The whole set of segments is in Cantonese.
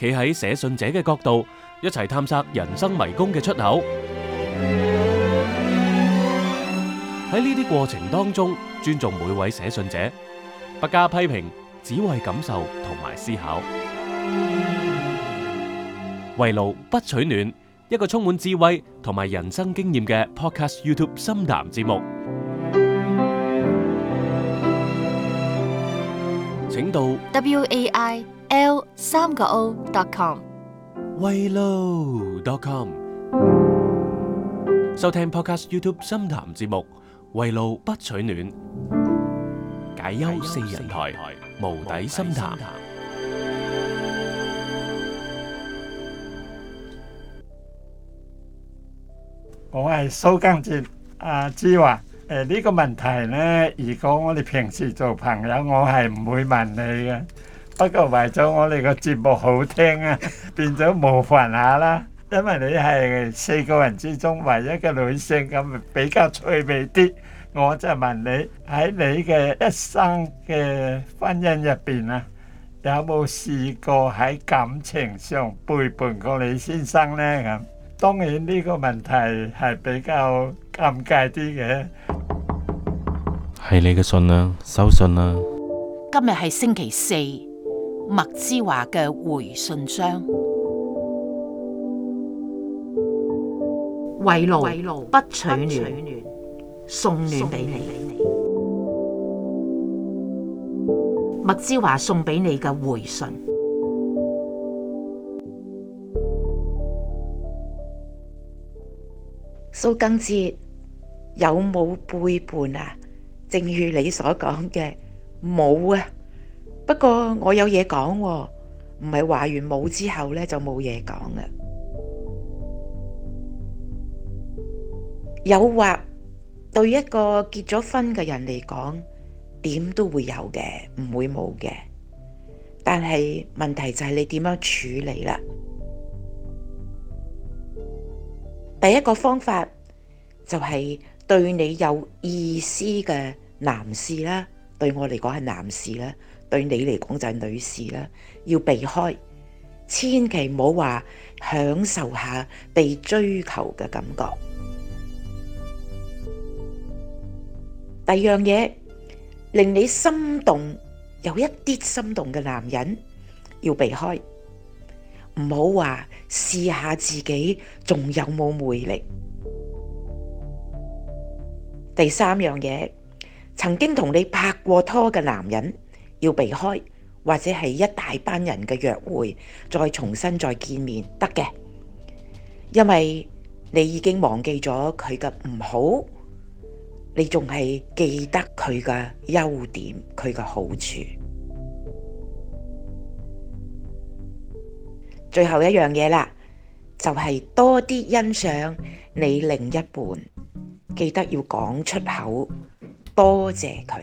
企喺寫信者嘅角度，一齊探索人生迷宮嘅出口。喺呢啲過程當中，尊重每位寫信者，不加批評，只為感受同埋思考。圍爐不取暖，一個充滿智慧同埋人生經驗嘅 Podcast YouTube 深談節目，請到 WAI。l 三個 o dot com，維路 dot com，收聽 Podcast YouTube 心談節目，圍爐不取暖，解憂四人台，無底心談。我係蘇賡哲，阿之華，誒呢個問題呢，如果我哋平時做朋友，我係唔會問你嘅。不過為咗我哋個節目好聽啊，變咗麻煩下啦。因為你係四個人之中唯一嘅女性，咁比較趣味啲。我就問你喺你嘅一生嘅婚姻入邊啊，有冇試過喺感情上背叛過你先生呢？咁當然呢個問題係比較尷尬啲嘅。係你嘅信啊，收信啊。今日係星期四。麥之華嘅回信箱，為奴不，不取暖，送暖俾你，你。麥之華送俾你嘅回信，蘇賡哲有冇背叛啊？正如你所講嘅，冇啊。不過我有嘢講，唔係話完冇之後咧就冇嘢講啦。誘惑對一個結咗婚嘅人嚟講，點都會有嘅，唔會冇嘅。但係問題就係你點樣處理啦。第一個方法就係、是、對你有意思嘅男士啦，對我嚟講係男士啦。對你嚟講，就係女士啦，要避開，千祈唔好話享受下被追求嘅感覺。第二樣嘢，令你心動有一啲心動嘅男人，要避開，唔好話試下自己仲有冇魅力。第三樣嘢，曾經同你拍過拖嘅男人。要避開，或者係一大班人嘅約會，再重新再見面得嘅，因為你已經忘記咗佢嘅唔好，你仲係記得佢嘅優點，佢嘅好處。最後一樣嘢啦，就係多啲欣賞你另一半，記得要講出口，多謝佢。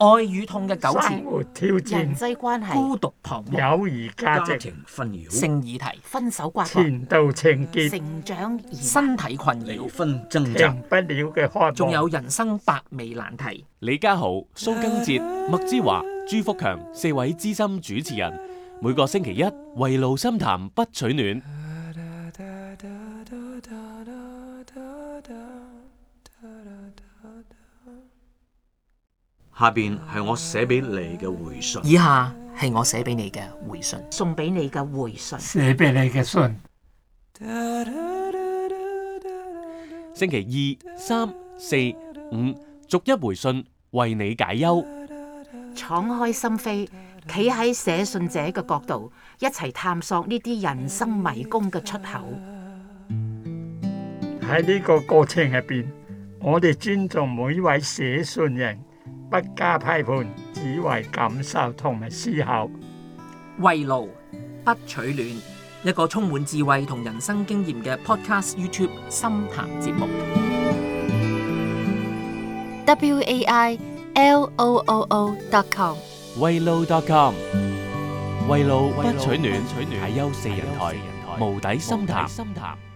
愛與痛嘅糾纏、挑戰、人際關係、孤獨彷徨、友情、家庭紛擾、性議題、分手、關係、前度、情結、成長、身體困擾、離婚、掙扎、受不了嘅壓力，仲有人生百味難題。李家豪、蘇賡哲、麥之華、朱福強四位資深主持人，每個星期一圍爐深談不取暖。下邊係我寫俾你嘅回信。以下係我寫俾你嘅回信，送俾你嘅回信，寫俾你嘅信。星期二、三、四、五，逐一回信，為你解憂，敞開心扉，企喺寫信者嘅角度，一齊探索呢啲人生迷宮嘅出口。喺呢個過程入邊，我哋尊重每一位寫信人。不加批判，只為感受同埋思考。圍爐不取暖，一個充滿智慧同人生經驗嘅 Podcast YouTube 深談節目。wai l o o o dot com。圍爐 dot com。圍爐不取暖，係優四人台無底深談。